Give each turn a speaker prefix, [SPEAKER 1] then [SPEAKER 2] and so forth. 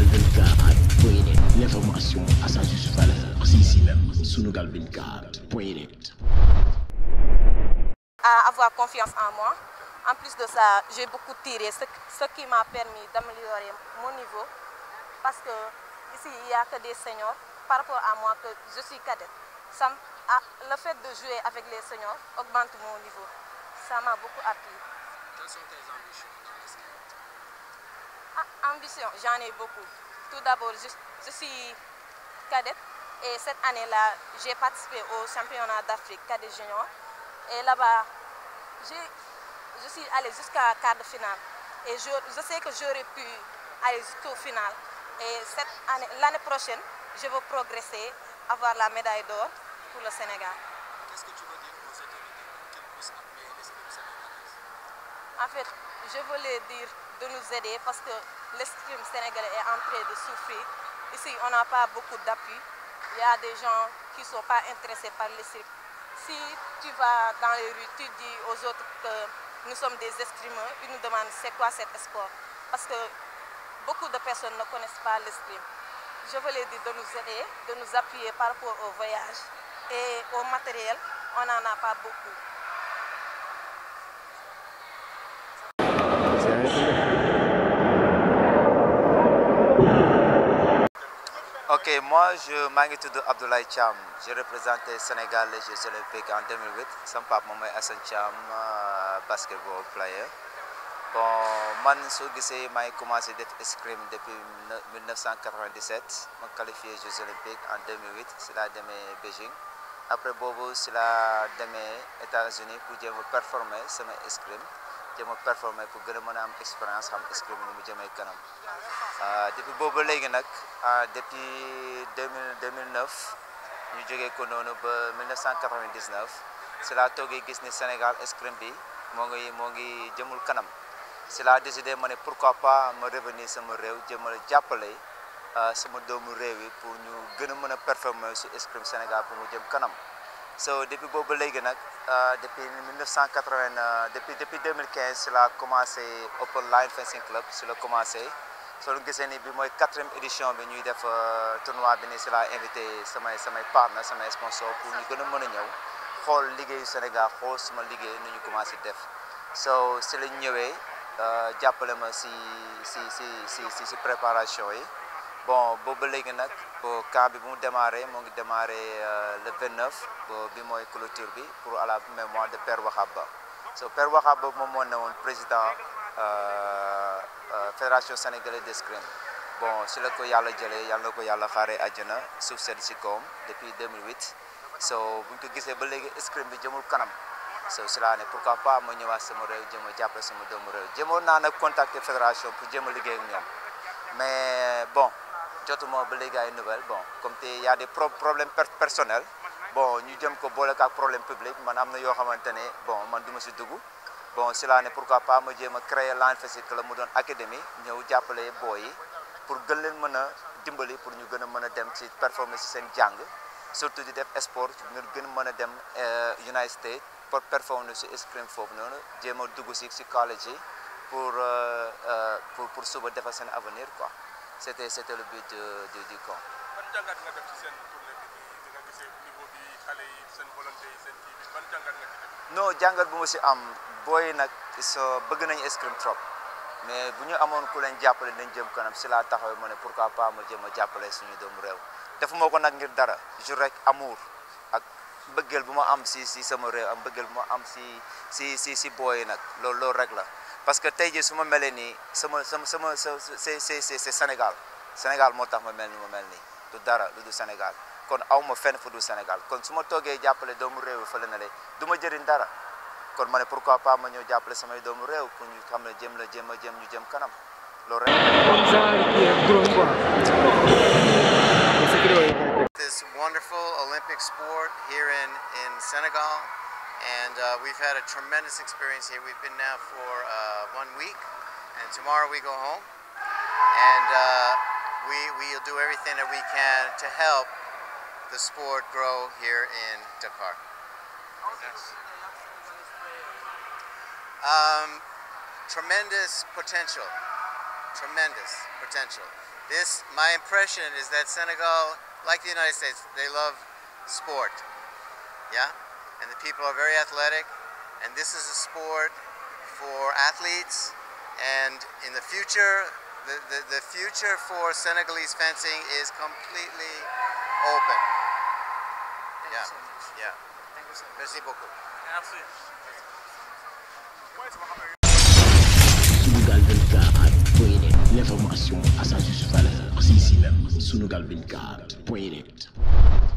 [SPEAKER 1] Sunugal 24 point net l'information à avoir confiance en moi en plus de ça j'ai beaucoup tiré ce, qui m'a permis d'améliorer mon niveau parce que ici il y a que des seniors par rapport à moi que je suis cadette ça ah, le fait de jouer avec les seniors augmente mon niveau ça m'a beaucoup appris. ambition, j'en ai beaucoup. Tout d'abord, je, je, suis cadette et cette année-là, j'ai participé au championnat d'Afrique cadet junior. Et là-bas, je suis allée jusqu'à quart de finale. Et je, sais que j'aurais pu aller jusqu'au final. Et l'année année prochaine, je veux progresser, avoir la médaille d'or pour le Sénégal. En fait, je voulais dire de nous aider parce que l'escrime sénégalais est en train de souffrir. Ici, on n'a pas beaucoup d'appui. Il y a des gens qui ne sont pas intéressés par l'escrime. Si tu vas dans les rues, tu dis aux autres que nous sommes des escrimeurs, ils nous demande c'est quoi cet sport. Parce que beaucoup de personnes ne connaissent pas l'escrime. Je voulais dire de nous aider, de nous appuyer par rapport au voyage et au matériel. On n'en a pas beaucoup.
[SPEAKER 2] Ok, moi, je m'appelle Abdoulaye Cham. J'ai représenté Sénégal les euh, Jeux Olympiques en 2008. Son papa, moi, Hassan Cham, basketball player. Bon, moi, j'ai commencé d'être escrime depuis 1997. Je suis qualifié aux Jeux Olympiques en 2008, c'est là de Beijing. Après Bobo, c'est là de mes États-Unis pour me performer, c'est mes jéem a performer pour gën a mën a am expérience xam escrime ni mu jëmee kanam ah, depuis boobu ba léegi nag ah, depuis 2000 2009 ñu jógee ko noonu ba 1999 si laa toogee gis ni Sénégal escrime bi moo ngi moo ngi jëmul kanam si laa décidé ma ne pourquoi pas ma revenir sama réew jéem a jàppale ah, sama doomu réew yi pour ñu gën a mën a performer si escrime Sénégal pour mu jëm kanam so depuis boobu léegi nag euh, depuis 1980 euh, depuis depuis 2015 si la commencé Open Line Fencing Club si la commencé soo lu gisee ni bi mooy quatrième édition bi ñuy def euh, tournoi bi ni si la invité samay samay partenaires samay sponsors pour ñu gën a mën a ñëw xool liggéeyu Sénégal xool suma liggéey nu ñu commencé def so si lañ ñëwee jàppale ma si si si si si si préparation yi bon boobu ba léegi nag cas bi bu mu démarré moo ngi démarré euh, le 29 bi mooy clôture bi pour à la mémoire de Père Wahab Ba so per Wahab Ba moom moo ne woon président euh, euh, fédération sénégalaise d'escrime bon si la ko yàlla jëlee yàlla na ko yàlla xaaree àjjana suuf sedd si kawam depuis 2008 so bu ñu ko gisee ba léegi escrime bi jëmul kanam so si laa ne pourquoi pas ma ñëwaat sama réew jëm a jàppale sama doomu réew jëmoon naa nag contacter fédération pour jëm a liggéey ak ñoom mais bon. jotuma ba léegi ay nouvelle bon comme te y a des pro problèmes personnels bon ñu jëm ko boole ak problème public man am na yoo xamante ne bon man duma si dugg bon si laa ne pourquoi pas ma jéem a créer l'enfesi que la mu doon académie ñëw jàppale booy yi pour gën leen mën a dimbali pour ñu gën a mën a dem ci performer si seen jàng surtout di def sport ngir gën mën a dem euh, United States pour performer si escrime foofu noonu jéem a dugg si si college yi pour euh, euh, pour pour suba defar seen avenir quoi c'était c'était le but du du camp. jàngat bu ma si am booy nag so bëgg nañu escrime trop mais bu ñu amoon ku leen jàppale nañ jëm kanam si laa taxaw ma ne pourquoi pas ma jéem a jàppale suñu doomu réew defuma ko nag ngir dara jur rek amour ak. mbëggeel bu ma am si si sama réew am mbëggeel bu ma am si si si si booy nag loolu loolu rek la parce que tey jii su ma melee nii sama sama sama sa Sénégal Sénégal moo tax ma mel ni ma mel nii du dara lu du Sénégal kon aw ma fenn fu du Sénégal kon su ma toogee jàppale doomu réew fële na le du ma jëriñ dara kon ma ne pourquoi pas ma ñëw jàppale samay doomu réew pour ñu xam ne jëm la jëm a jëm ñu jëm kanam loolu rek.
[SPEAKER 3] And uh, we've had a tremendous experience here. We've been now for uh, one week, and tomorrow we go home. And uh, we, we'll do everything that we can to help the sport grow here in Dakar. Um, tremendous potential, tremendous potential. This, my impression is that Senegal, like the United States, they love sport, yeah? and the people are very athletic and this is a sport for athletes and in the future the, the, the future for Senegalese fencing is completely open. Thank yeah. you so much. Yeah. Thank you so much. Merci beaucoup. Merci.
[SPEAKER 1] Sunugal 24 point net l'information à sa juste valeur c'est ici même Sunugal 24 point net